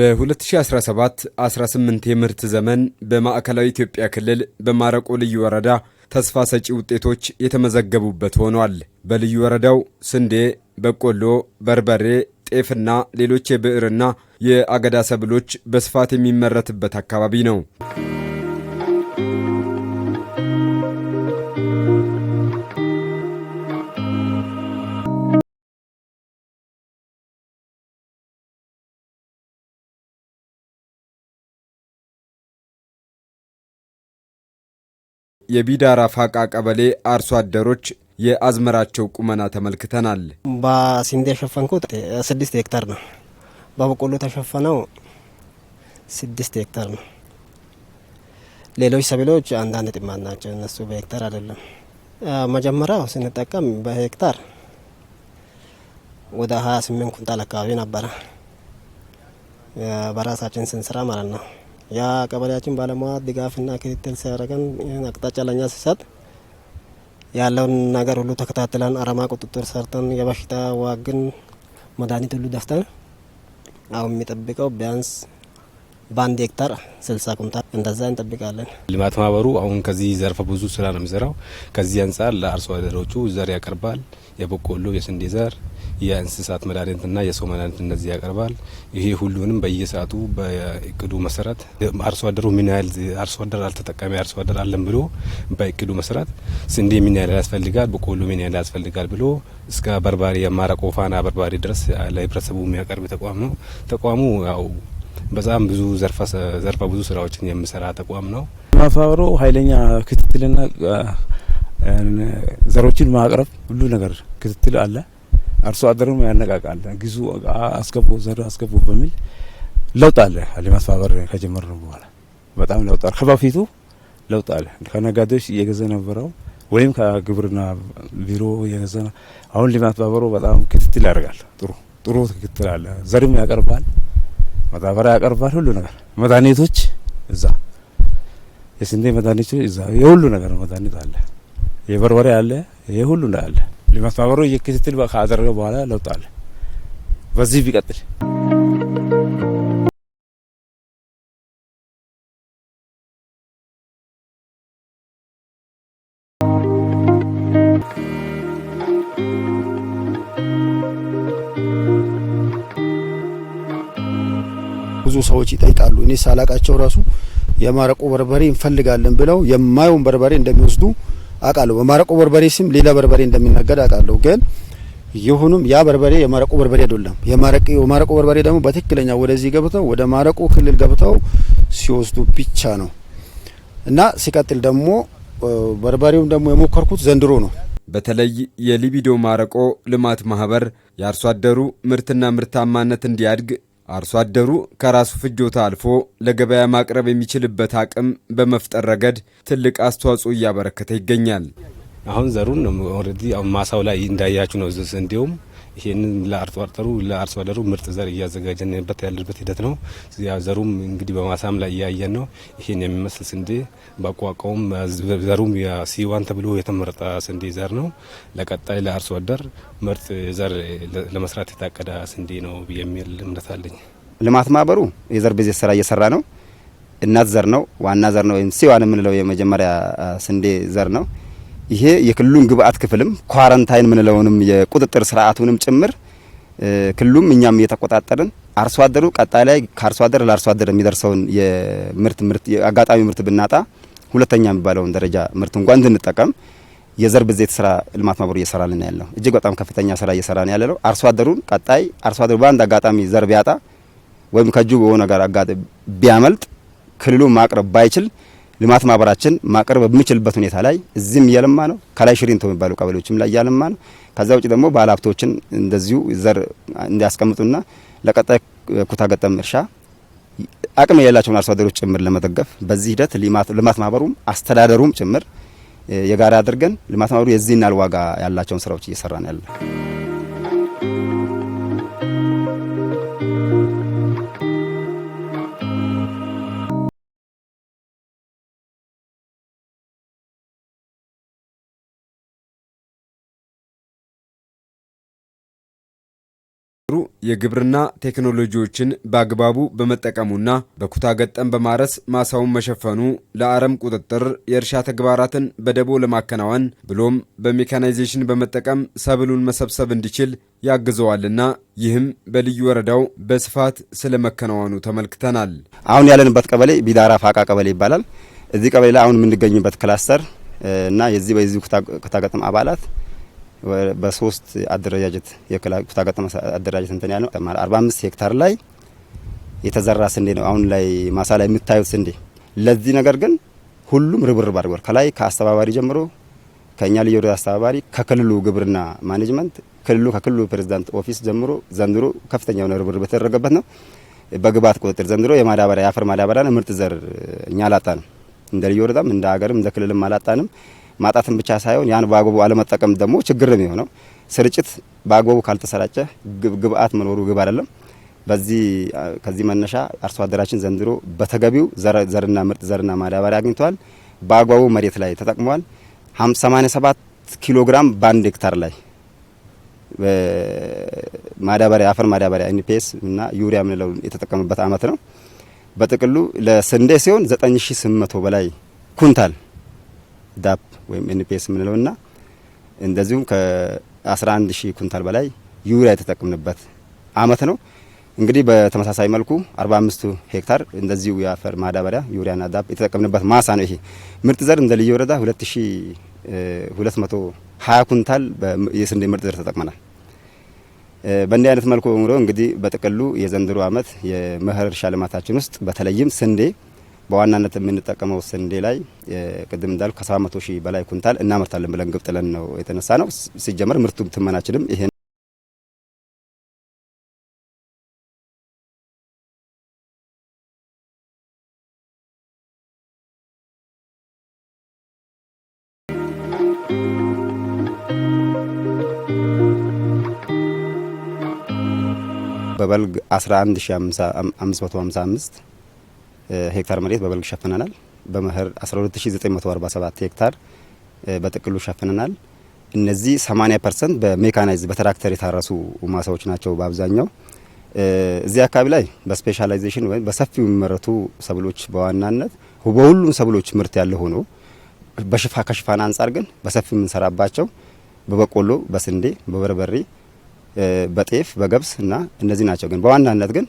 በ2017 18 የምርት ዘመን በማዕከላዊ ኢትዮጵያ ክልል በማረቆ ልዩ ወረዳ ተስፋ ሰጪ ውጤቶች የተመዘገቡበት ሆኗል። በልዩ ወረዳው ስንዴ፣ በቆሎ፣ በርበሬ፣ ጤፍና ሌሎች የብዕርና የአገዳ ሰብሎች በስፋት የሚመረትበት አካባቢ ነው። የቢዳራ ፋቃ ቀበሌ አርሶ አደሮች የአዝመራቸው ቁመና ተመልክተናል። በስንዴ የሸፈንኩት ስድስት ሄክታር ነው። በበቆሎ ተሸፈነው ስድስት ሄክታር ነው። ሌሎች ሰብሎች አንዳንድ ጥማት ናቸው። እነሱ በሄክታር አይደለም። መጀመሪያው ስንጠቀም በሄክታር ወደ ስምንት ኩንታል አካባቢ ነበረ በራሳችን ስንስራ ማለት ነው። ያ ቀበሌያችን ባለሙያ ድጋፍና ክትትል ሲያደረገን አቅጣጫ ለኛ ሲሰጥ ያለውን ነገር ሁሉ ተከታትለን አረማ ቁጥጥር ሰርተን የበሽታ ዋግን መድኃኒት ሁሉ ደፍተን አሁን የሚጠብቀው ቢያንስ በአንድ ሄክታር ስልሳ ኩንታል እንደዛ እንጠብቃለን። ልማት ማህበሩ አሁን ከዚህ ዘርፈ ብዙ ስራ ነው የሚሰራው። ከዚህ አንጻር ለአርሶ አደሮቹ ዘር ያቀርባል። የበቆሎ፣ የስንዴ ዘር የእንስሳት መድኃኒትና የሰው መድኃኒት እነዚህ ያቀርባል። ይሄ ሁሉንም በየሰዓቱ በእቅዱ መሰረት አርሶ አደሩ ምን ያህል አርሶ አደር አልተጠቀሚ አርሶ አደር አለን ብሎ በእቅዱ መሰረት ስንዴ ምን ያህል ያስፈልጋል፣ በቆሎ ምን ያህል ያስፈልጋል ብሎ እስከ በርባሪ የማረቆ ፋና በርባሪ ድረስ ለህብረተሰቡ የሚያቀርብ ተቋም ነው። ተቋሙ ያው በጣም ብዙ ዘርፈ ብዙ ስራዎችን የሚሰራ ተቋም ነው። ማፋብሮ ኃይለኛ ክትትልና ዘሮችን ማቅረብ ሁሉ ነገር ክትትል አለ። አርሶ አደሩም ያነቃቃል። ግዙ አስገቡ፣ ዘር አስገቡ በሚል ለውጥ አለ። ልማት ከጀመረ በኋላ በጣም ለውጥ አለ። ከበፊቱ ለውጥ አለ። ከነጋዴዎች እየገዛ ነበረው ወይም ከግብርና ቢሮ እየገዛ አሁን ለማስፋበሩ በጣም ክትትል ያደርጋል። ጥሩ ጥሩ ክትትል አለ። ዘርም ያቀርባል፣ ማዳበሪያ ያቀርባል፣ ሁሉ ነገር መድኃኒቶች እዛ የስንዴ መድኃኒቶች እዛ የሁሉ ነገር መድኃኒት አለ፣ የበርበሬ አለ፣ የሁሉ አለ። ልማት ማህበሩ ክትትል ካደረገ በኋላ ለውጥ አለ። በዚህ ቢቀጥል ብዙ ሰዎች ይጠይቃሉ። እኔ ሳላቃቸው ራሱ የማረቆ በርበሬ እንፈልጋለን ብለው የማየውን በርበሬ እንደሚወስዱ አውቃለሁ። በማረቆ በርበሬ ስም ሌላ በርበሬ እንደሚነገድ አውቃለሁ። ግን ይሁንም ያ በርበሬ የማረቆ በርበሬ አይደለም። የማረቆ በርበሬ ደግሞ በትክክለኛ ወደዚህ ገብተው ወደ ማረቆ ክልል ገብተው ሲወስዱ ብቻ ነው እና ሲቀጥል ደግሞ በርበሬውም ደግሞ የሞከርኩት ዘንድሮ ነው። በተለይ የሊቢዶ ማረቆ ልማት ማህበር የአርሶ አደሩ ምርትና ምርታማነት እንዲያድግ አርሶ አደሩ ከራሱ ፍጆታ አልፎ ለገበያ ማቅረብ የሚችልበት አቅም በመፍጠር ረገድ ትልቅ አስተዋጽኦ እያበረከተ ይገኛል። አሁን ዘሩን ኦልሬዲ ማሳው ላይ እንዳያችሁ ነው። እንዲሁም ይህንን ለአርሶ አርጠሩ ለአርሶ አደሩ ምርጥ ዘር እያዘጋጀንበት ያለበት ሂደት ነው። ዘሩም እንግዲህ በማሳም ላይ እያየን ነው። ይህን የሚመስል ስንዴ በቋቋውም ዘሩም ሲዋን ተብሎ የተመረጠ ስንዴ ዘር ነው። ለቀጣይ ለአርሶ አደር ምርጥ ዘር ለመስራት የታቀደ ስንዴ ነው የሚል እምነት አለኝ። ልማት ማህበሩ የዘር ቤዜ ስራ እየሰራ ነው። እናት ዘር ነው፣ ዋና ዘር ነው ወይም ሲዋን የምንለው የመጀመሪያ ስንዴ ዘር ነው። ይሄ የክልሉን ግብአት ክፍልም ኳረንታይን ምንለውንም የቁጥጥር ስርዓቱንም ጭምር ክልሉም እኛም እየተቆጣጠርን አርሶ አደሩ ቀጣይ ላይ ከአርሶ አደር ለአርሶ አደር የሚደርሰውን የምርት ምርት አጋጣሚ ምርት ብናጣ ሁለተኛ የሚባለውን ደረጃ ምርት እንኳን እንድንጠቀም የዘር ብዜት ስራ ልማት ማህበሩ እየሰራልን ያለው እጅግ በጣም ከፍተኛ ስራ እየሰራ ነው ያለው አርሶ አደሩን ቀጣይ አርሶ አደሩ በአንድ አጋጣሚ ዘር ቢያጣ ወይም ከእጁ በሆነ ነገር ቢያመልጥ ክልሉ ማቅረብ ባይችል ልማት ማህበራችን ማቅረብ በሚችልበት ሁኔታ ላይ እዚህም እያለማ ነው። ከላይ ሽሪንቶ የሚባሉ ቀበሌዎችም ላይ እያለማ ነው። ከዛ ውጭ ደግሞ ባለሀብቶችን እንደዚሁ ዘር እንዲያስቀምጡና ለቀጣይ ኩታ ገጠም እርሻ አቅም የሌላቸውን አርሶ አደሮች ጭምር ለመደገፍ በዚህ ሂደት ልማት ማህበሩም አስተዳደሩም ጭምር የጋራ አድርገን ልማት ማህበሩ የዚህን ዋጋ ያላቸውን ስራዎች እየሰራ ነው ያለ ሚኒስትሩ የግብርና ቴክኖሎጂዎችን በአግባቡ በመጠቀሙና በኩታ ገጠም በማረስ ማሳውን መሸፈኑ ለአረም ቁጥጥር፣ የእርሻ ተግባራትን በደቦ ለማከናወን ብሎም በሜካናይዜሽን በመጠቀም ሰብሉን መሰብሰብ እንዲችል ያግዘዋልና ይህም በልዩ ወረዳው በስፋት ስለመከናወኑ ተመልክተናል። አሁን ያለንበት ቀበሌ ቢዳራ ፋቃ ቀበሌ ይባላል። እዚህ ቀበሌ ላይ አሁን የምንገኝበት ክላስተር እና የዚህ በዚህ ኩታ ገጠም አባላት በሶስት አደረጃጀት የኩታገጠም አደረጃጀት እንትን ያለው አርባ አምስት ሄክታር ላይ የተዘራ ስንዴ ነው አሁን ላይ ማሳ ላይ የምታዩት ስንዴ። ለዚህ ነገር ግን ሁሉም ርብርብ አድርጓል። ከላይ ከአስተባባሪ ጀምሮ ከእኛ ልዩ ወረዳ አስተባባሪ፣ ከክልሉ ግብርና ማኔጅመንት፣ ክልሉ ከክልሉ ፕሬዚዳንት ኦፊስ ጀምሮ ዘንድሮ ከፍተኛ የሆነ ርብርብ የተደረገበት ነው። በግብዓት ቁጥጥር ዘንድሮ የማዳበሪያ የአፈር ማዳበሪያ ምርጥ ዘር እኛ አላጣንም። እንደ ልዩ ወረዳም እንደ ሀገርም እንደ ክልልም አላጣንም። ማጣትን ብቻ ሳይሆን ያን በአግባቡ አለመጠቀም ደግሞ ችግር ነው የሆነው። ስርጭት በአግባቡ ካልተሰራጨ ግብአት መኖሩ ግብ አይደለም። በዚህ ከዚህ መነሻ አርሶ አደራችን ዘንድሮ በተገቢው ዘርና ምርጥ ዘርና ማዳበሪያ አግኝተዋል። በአግባቡ መሬት ላይ ተጠቅሟል። 87 ኪሎ ግራም በአንድ ሄክታር ላይ ማዳበሪያ አፈር ማዳበሪያ ኤንፒኤስ እና ዩሪያ የምንለው የተጠቀመበት አመት ነው። በጥቅሉ ለስንዴ ሲሆን 9800 በላይ ኩንታል ዳፕ ወይም ኤንፒኤስ የምንለው እና እንደዚሁም ከ11 ሺህ ኩንታል በላይ ዩሪያ የተጠቀምንበት አመት ነው። እንግዲህ በተመሳሳይ መልኩ 45 ሄክታር እንደዚሁ የአፈር ማዳበሪያ ዩሪያና ዳፕ የተጠቀምንበት ማሳ ነው። ይሄ ምርጥ ዘር እንደ ልዩ ወረዳ 2220 ኩንታል የስንዴ ምርጥ ዘር ተጠቅመናል። በእንዲህ አይነት መልኩ እንግዲህ በጥቅሉ የዘንድሮ አመት የመኸር እርሻ ልማታችን ውስጥ በተለይም ስንዴ በዋናነት የምንጠቀመው ስንዴ ላይ ቅድም እንዳልኩ ከሰባት መቶ ሺህ በላይ ኩንታል እናመርታለን ብለን ግብ ጥለን ነው የተነሳ ነው። ሲጀመር ምርቱም ትመናችልም ይሄ በበልግ 11555 ሄክታር መሬት በበልግ ሸፍነናል። በመኸር 12947 ሄክታር በጥቅሉ ሸፍነናል። እነዚህ 80 ፐርሰንት በሜካናይዝ በትራክተር የታረሱ ማሳዎች ናቸው በአብዛኛው እዚህ አካባቢ ላይ በስፔሻላይዜሽን ወይም በሰፊው የሚመረቱ ሰብሎች በዋናነት በሁሉም ሰብሎች ምርት ያለ ሆኖ በሽፋ ከሽፋን አንጻር ግን በሰፊው የምንሰራባቸው በበቆሎ፣ በስንዴ፣ በበርበሬ፣ በጤፍ፣ በገብስ እና እነዚህ ናቸው። ግን በዋናነት ግን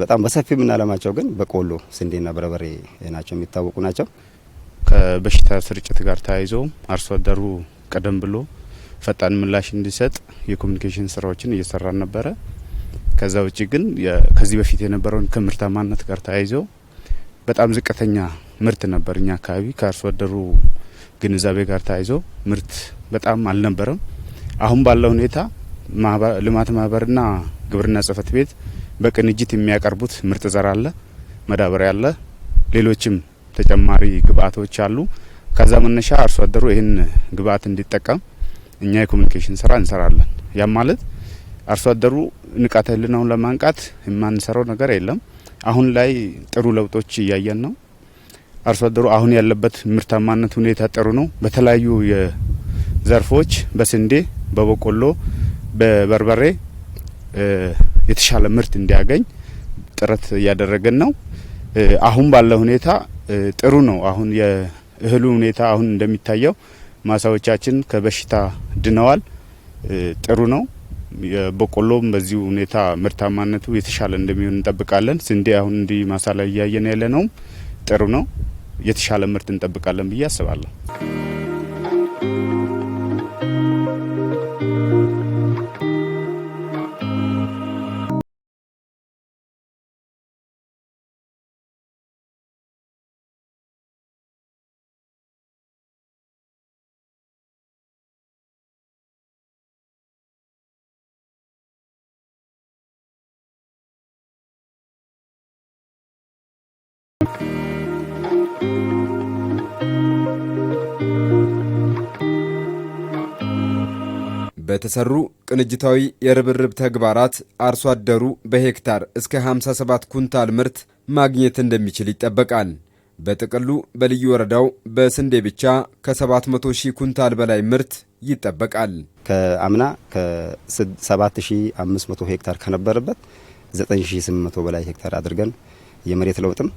በጣም በሰፊ የምናለማቸው ግን በቆሎ ስንዴና በርበሬ ናቸው የሚታወቁ ናቸው። ከበሽታ ስርጭት ጋር ተያይዞ አርሶ አደሩ ቀደም ብሎ ፈጣን ምላሽ እንዲሰጥ የኮሚኒኬሽን ስራዎችን እየሰራን ነበረ። ከዛ ውጭ ግን ከዚህ በፊት የነበረውን ከምርታማነት ጋር ተያይዞ በጣም ዝቅተኛ ምርት ነበር። እኛ አካባቢ ከአርሶ አደሩ ግንዛቤ ጋር ተያይዞ ምርት በጣም አልነበረም። አሁን ባለው ሁኔታ ልማት ማህበርና ግብርና ጽህፈት ቤት በቅንጅት የሚያቀርቡት ምርጥ ዘር አለ፣ መዳበሪያ አለ፣ ሌሎችም ተጨማሪ ግብአቶች አሉ። ከዛ መነሻ አርሶ አደሩ ይህን ግብአት እንዲጠቀም እኛ የኮሚኒኬሽን ስራ እንሰራለን። ያም ማለት አርሶ አደሩ ንቃተ ህልናውን ለማንቃት የማንሰራው ነገር የለም። አሁን ላይ ጥሩ ለውጦች እያየን ነው። አርሶ አደሩ አሁን ያለበት ምርታማነት ሁኔታ ጥሩ ነው። በተለያዩ የዘርፎች በስንዴ፣ በበቆሎ፣ በበርበሬ የተሻለ ምርት እንዲያገኝ ጥረት እያደረገን ነው። አሁን ባለው ሁኔታ ጥሩ ነው። አሁን የእህሉ ሁኔታ አሁን እንደሚታየው ማሳዎቻችን ከበሽታ ድነዋል። ጥሩ ነው። የበቆሎም በዚሁ ሁኔታ ምርታማነቱ የተሻለ እንደሚሆን እንጠብቃለን። ስንዴ አሁን እንዲህ ማሳ ላይ እያየን ያለ ነውም ጥሩ ነው። የተሻለ ምርት እንጠብቃለን ብዬ አስባለሁ። በተሰሩ ቅንጅታዊ የርብርብ ተግባራት አርሶ አደሩ በሄክታር እስከ 57 ኩንታል ምርት ማግኘት እንደሚችል ይጠበቃል። በጥቅሉ በልዩ ወረዳው በስንዴ ብቻ ከ700 ሺህ ኩንታል በላይ ምርት ይጠበቃል። ከአምና ከ7500 ሄክታር ከነበረበት 9800 በላይ ሄክታር አድርገን የመሬት ለውጥም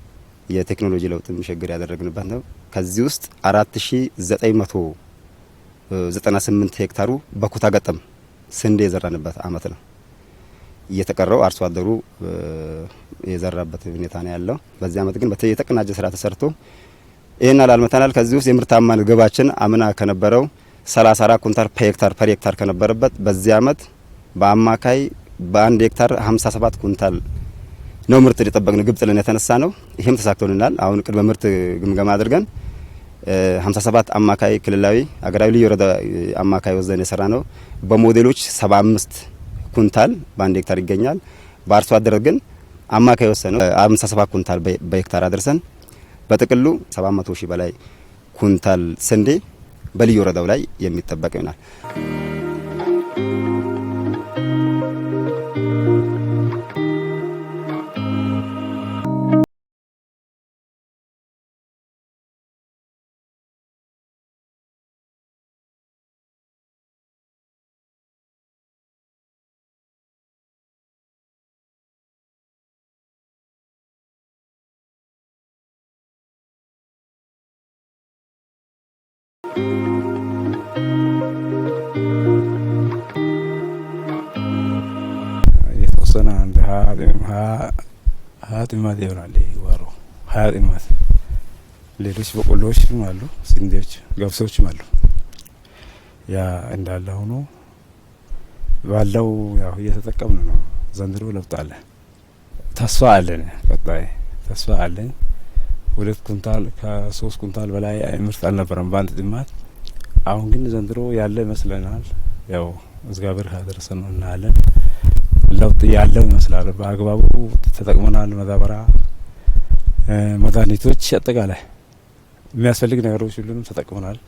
የቴክኖሎጂ ለውጥ የሚሸግር ያደረግንበት ነው። ከዚህ ውስጥ 4998 ሄክታሩ በኩታ ገጠም ስንዴ የዘራንበት አመት ነው። እየተቀረው አርሶ አደሩ የዘራበት ሁኔታ ነው ያለው። በዚህ አመት ግን የተቀናጀ ስራ ተሰርቶ ይህን አላልመተናል። ከዚህ ውስጥ የምርታማን ግባችን አምና ከነበረው 34 ኩንታል ፐሄክታር ፐር ሄክታር ከነበረበት በዚህ አመት በአማካይ በአንድ ሄክታር 57 ኩንታል ነው ምርት የጠበቅነው ግብ ጥለን የተነሳ ነው። ይህም ተሳክቶልናል። አሁን ቅድመ ምርት ግምገማ አድርገን 57 አማካይ ክልላዊ፣ አገራዊ፣ ልዩ ወረዳ አማካይ ወዘን የሰራ ነው። በሞዴሎች 75 ኩንታል በአንድ ሄክታር ይገኛል። በአርሶ አደር ግን አማካይ ወሰነው 57 ኩንታል በሄክታር አድርሰን በጥቅሉ 700 ሺህ በላይ ኩንታል ስንዴ በልዩ ወረዳው ላይ የሚጠበቅ ይሆናል። የተወሰነ አንድ ሀያ ጥማት ይሆናል ሀያ ጥማት ሌሎች በቆሎዎችም አሉ፣ ስንዴዎች፣ ገብሶችም አሉ። ያ እንዳለ ሆኖ ባለው ያው እየተጠቀምን ነው። ዘንድሮ ለውጥ አለ፣ ተስፋ አለን። ቀጣይ ተስፋ አለን። ሁለት ኩንታል ከሶስት ኩንታል በላይ ምርት አልነበረም በአንድ ጥማት። አሁን ግን ዘንድሮ ያለ ይመስለናል። ያው እግዚአብሔር ካደረሰ ነው እናያለን። ለውጥ ያለው ይመስላል። በአግባቡ ተጠቅመናል። መዳበሪያ፣ መድኃኒቶች፣ አጠቃላይ የሚያስፈልግ ነገሮች ሁሉንም ተጠቅመናል።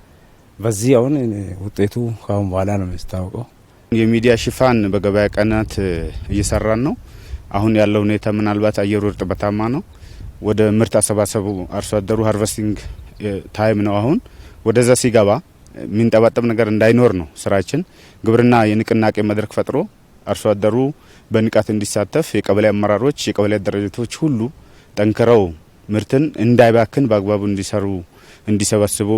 በዚህ አሁን ውጤቱ ከአሁን በኋላ ነው የሚታወቀው። የሚዲያ ሽፋን በገበያ ቀናት እየሰራን ነው። አሁን ያለው ሁኔታ ምናልባት አየሩ እርጥበታማ ነው። ወደ ምርት አሰባሰቡ አርሶ አደሩ ሃርቨስቲንግ ታይም ነው። አሁን ወደዛ ሲገባ የሚንጠባጠብ ነገር እንዳይኖር ነው ስራችን። ግብርና የንቅናቄ መድረክ ፈጥሮ አርሶ አደሩ በንቃት እንዲሳተፍ የቀበሌ አመራሮች፣ የቀበሌ አደረጃጀቶች ሁሉ ጠንክረው ምርትን እንዳይባክን በአግባቡ እንዲሰሩ እንዲሰበስቡ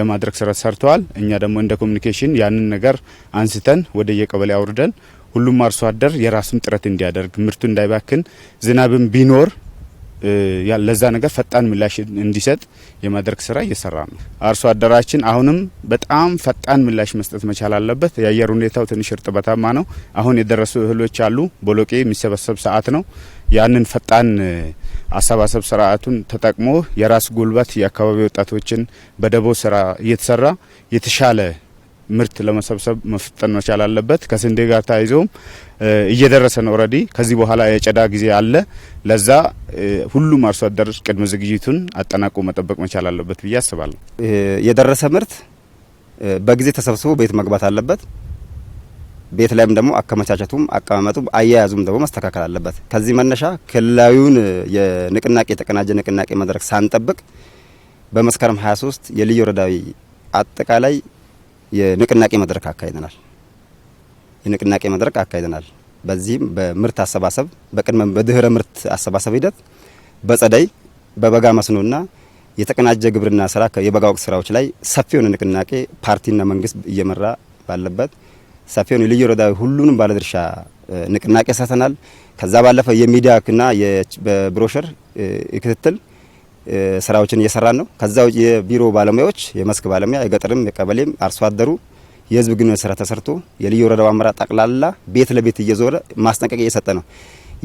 የማድረግ ስራ ሰርተዋል። እኛ ደግሞ እንደ ኮሚኒኬሽን ያንን ነገር አንስተን ወደ የቀበሌ አውርደን ሁሉም አርሶ አደር የራሱን ጥረት እንዲያደርግ ምርቱ እንዳይባክን ዝናብም ቢኖር ለዛ ነገር ፈጣን ምላሽ እንዲሰጥ የማድረግ ስራ እየሰራ ነው። አርሶ አደራችን አሁንም በጣም ፈጣን ምላሽ መስጠት መቻል አለበት። የአየር ሁኔታው ትንሽ እርጥበታማ ነው። አሁን የደረሱ እህሎች አሉ። ቦሎቄ የሚሰበሰብ ሰዓት ነው። ያንን ፈጣን አሰባሰብ ስርዓቱን ተጠቅሞ የራስ ጉልበት የአካባቢ ወጣቶችን በደቦ ስራ እየተሰራ የተሻለ ምርት ለመሰብሰብ መፍጠን መቻል አለበት። ከስንዴ ጋር ተያይዞም እየደረሰ ነው ረዲ ከዚህ በኋላ የጨዳ ጊዜ አለ። ለዛ ሁሉም አርሶ አደር ቅድመ ዝግጅቱን አጠናቆ መጠበቅ መቻል አለበት ብዬ አስባለሁ። የደረሰ ምርት በጊዜ ተሰብስቦ ቤት መግባት አለበት። ቤት ላይም ደግሞ አከመቻቸቱም አቀማመጡም አያያዙም ደግሞ መስተካከል አለበት። ከዚህ መነሻ ክልላዊውን የንቅናቄ የተቀናጀ ንቅናቄ መድረክ ሳንጠብቅ በመስከረም 23 የልዩ ወረዳዊ አጠቃላይ የንቅናቄ መድረክ አካሂደናል። የንቅናቄ መድረክ አካሂደናል። በዚህም በምርት አሰባሰብ በቅድመ በድህረ ምርት አሰባሰብ ሂደት በጸደይ በበጋ መስኖና የተቀናጀ ግብርና ስራ የበጋ ወቅት ስራዎች ላይ ሰፊውን ንቅናቄ ፓርቲና መንግስት እየመራ ባለበት ሰፊውን የልዩ ሁሉንም ባለድርሻ ንቅናቄ ሰተናል። ከዛ ባለፈ የሚዲያና የብሮሸር ክትትል ስራዎችን እየሰራን ነው። ከዛ የቢሮ ባለሙያዎች፣ የመስክ ባለሙያ፣ የገጠርም የቀበሌም አርሶ አደሩ የህዝብ ግንኙነት ስራ ተሰርቶ የልዩ ወረዳው አመራር ጠቅላላ ቤት ለቤት እየዞረ ማስጠንቀቂያ እየሰጠ ነው።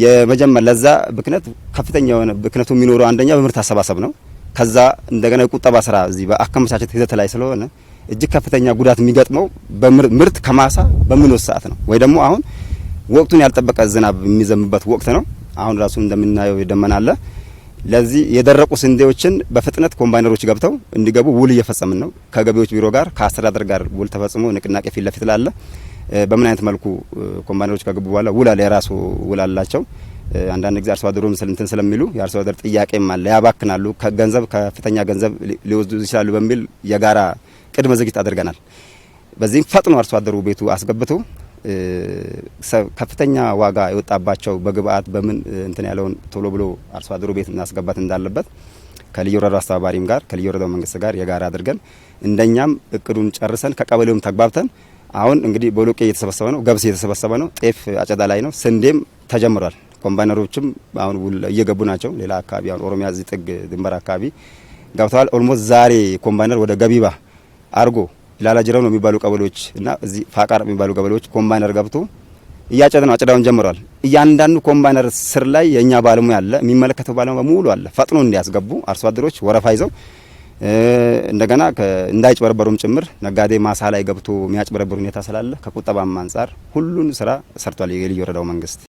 የመጀመር ለዛ ብክነት ከፍተኛ የሆነ ብክነቱ የሚኖረው አንደኛ በምርት አሰባሰብ ነው። ከዛ እንደገና የቁጠባ ስራ እዚህ በአከመቻቸት ሂደት ላይ ስለሆነ እጅግ ከፍተኛ ጉዳት የሚገጥመው ምርት ከማሳ በምንወስ ሰዓት ነው ወይ ደግሞ አሁን ወቅቱን ያልጠበቀ ዝናብ የሚዘምበት ወቅት ነው። አሁን ራሱ እንደምናየው ደመና አለ። ለዚህ የደረቁ ስንዴዎችን በፍጥነት ኮምባይነሮች ገብተው እንዲገቡ ውል እየፈጸምን ነው። ከገቢዎች ቢሮ ጋር ከአስተዳደር ጋር ውል ተፈጽሞ ንቅናቄ ፊት ለፊት ላለ በምን አይነት መልኩ ኮምባይነሮች ከገቡ በኋላ ውል አለ፣ የራሱ ውል አላቸው። አንዳንድ ጊዜ አርሶ አደሩ ምስል እንትን ስለሚሉ የአርሶ አደር ጥያቄም አለ፣ ያባክናሉ፣ ገንዘብ ከፍተኛ ገንዘብ ሊወስዱ ይችላሉ በሚል የጋራ ቅድመ ዝግጅት አድርገናል። በዚህም ፈጥኖ አርሶ አደሩ ቤቱ አስገብቶ ከፍተኛ ዋጋ የወጣባቸው በግብአት በምን እንትን ያለውን ቶሎ ብሎ አርሶ አደሩ ቤት ማስገባት እንዳለበት ከልዩ ወረዳው አስተባባሪም ጋር ከልዩ ወረዳው መንግስት ጋር የጋራ አድርገን እንደኛም እቅዱን ጨርሰን ከቀበሌውም ተግባብተን አሁን እንግዲህ ቦሎቄ እየተሰበሰበ ነው፣ ገብስ እየተሰበሰበ ነው፣ ጤፍ አጨዳ ላይ ነው፣ ስንዴም ተጀምሯል። ኮምባይነሮችም አሁን እየገቡ ናቸው። ሌላ አካባቢ አሁን ኦሮሚያ እዚህ ጥግ ድንበር አካባቢ ገብተዋል። ኦልሞስት ዛሬ ኮምባይነር ወደ ገቢባ አርጎ ላላጅራው ነው የሚባሉ ቀበሌዎች እና እዚህ ፋቃር የሚባሉ ቀበሌዎች ኮምባይነር ገብቶ እያጨደ ነው። አጨዳውን ጀምሯል። እያንዳንዱ ኮምባይነር ስር ላይ የኛ ባለሙያ አለ፣ የሚመለከተው ባለሙያ በሙሉ አለ። ፈጥኖ እንዲያስገቡ አርሶ አደሮች ወረፋ ይዘው እንደገና እንዳይጭበረበሩም ጭምር ነጋዴ ማሳ ላይ ገብቶ የሚያጭበረበሩ ሁኔታ ስላለ ከቁጠባም አንጻር ሁሉን ስራ ሰርቷል የልዩ ወረዳው መንግስት።